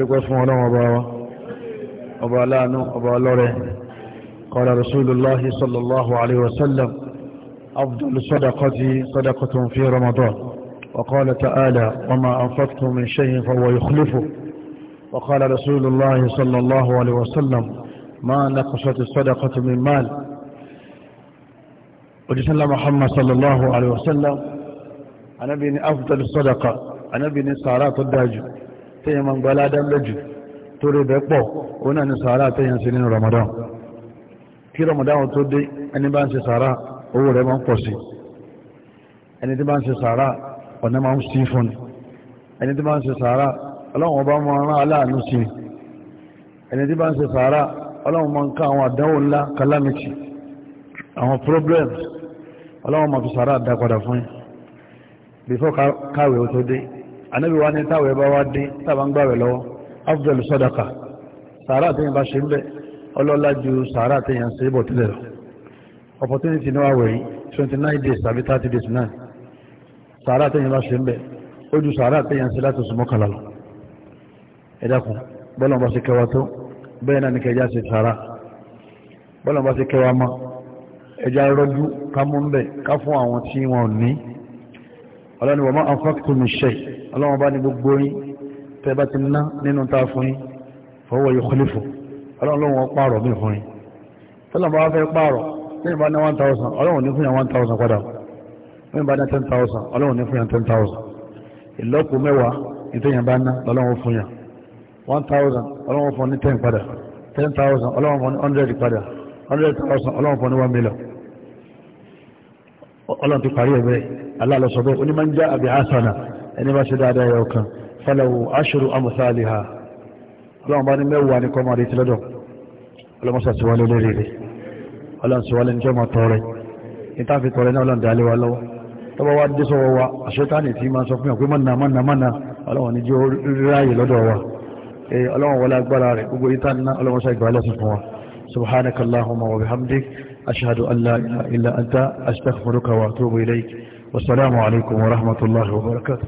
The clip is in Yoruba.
adúgbẹ́ fún ọlọ́run ọba wa ọba aláàánú ọba ọlọ́rẹ̀ kọ́lá rasulullahi sallallahu alaihi wasallam afdal sadaqati sadaqatun fi ramadan وقال تعالى وما أنفقتم من شيء فهو يخلفه وقال رسول الله صلى الله عليه وسلم ما نقصت الصدقة من مال وجسل محمد صلى الله عليه وسلم أنا بني أفضل الصدقة أنا بني سعرات الداج téèyàn máa ń gba aládá lójú torí bẹ́ẹ̀ pọ̀ òun náà ni sàárà téèyàn sí nínú Ramadan kí Ramadan tó dé ẹni bá ń ṣe sàárà owó rẹ̀ máa ń pọ̀ sí ẹni tí bá ń ṣe sàárà ọ̀nà máa ń sí fún ni ẹni tí bá ń ṣe sàárà ọlọ́run ọba máa rán aláàánú sí i ẹni tí bá ń ṣe sàárà ọlọ́run máa ń ká àwọn àdánwò ńlá calamity àwọn problems ọlọ́run máa fi sàárà dá padà fún yín before káwé ó tó dé anábì wa ní táwẹ̀ bá wá dé tàbá ń gbàwẹ̀ lọ́wọ́ afdal sadaqa sàárà àtẹ́yìn bá ṣe ń bẹ̀ ọlọ́lá ju sàárà àtẹ́yìn ṣe é bọ̀ tilẹ̀ lọ opportunity náà wẹ̀ yìí 29 days tàbí 30 days náà sàárà àtẹ́yìn bá ṣe ń bẹ̀ ó ju sàárà àtẹ́yìn ṣe láti sùnmọ́ kàlà lọ ẹ̀dàkùn bọ́lọ̀ bá ṣe kẹwàá tó bẹ́ẹ̀ náà ní kẹjá ṣe sàárà bọ́lọ̀ bá ṣe kẹwàá mọ́ ẹja rọ́jú ká mú ń bẹ̀ ká fún àwọn tí wọn ò ní ọlọ́ni wọ́n máa ń fọ́kítù mi ṣẹ́yìí ọlọ́run bá ní gbogbo yín tẹ́ bá ti ná nínú tá a fún yín fọwọ́ yóò kọ́lé fún ọlọ́run pààrọ̀ mí fún yín tọ́lọ́run bá fẹ́ pààrọ̀ lẹ́yìn bá ní one thousand ọlọ́run ní fún yàn one thousand padà lẹ́yìn bá ní ten thousand ọlọ́run ní fún yàn ten thousand ìlọ́po mẹ́wàá ìtẹ̀yìn bá ná lọ́lọ́run fún yàn one thousand ọlọ́run fún ní ten padà ten thousand ọlọ́run fún ní hundred padà hundred thousand ọlọ́run fún ní one million ọlọ́run ti parí ẹ̀ bẹ́ẹ̀ aláàlọ́sọ bẹ́ẹ̀ onímọ̀ ń ẹni bá ṣe dáadáa ẹyọ kan falawu aṣọ́rù amúsáàlì ha lọ́wọ́n bá ní mẹ́wàá ní kọ́mọ àdé tìlọ́dọ̀ ọlọ́mọṣà ti wálé lérí rẹ̀ ọlọ́run ti wálé níjọ́ mọ́ tọrẹ níta fi tọrẹ náà ọlọ́run dálé wa lọ́wọ́ tọ́wọ́ wá dé sọ́wọ́ wa àṣetáni tí máa sọ fún ọ̀pẹ́ mọ́nà mọ́nà mọ́nà ọlọ́run ní jẹ́ ráyè lọ́dọ̀ wa ọlọ́run wọlé agbára rẹ̀ gbogbo ìta ní ọlọ́mọṣà ìgbà lẹ́sìn fún wa subhanakallahumma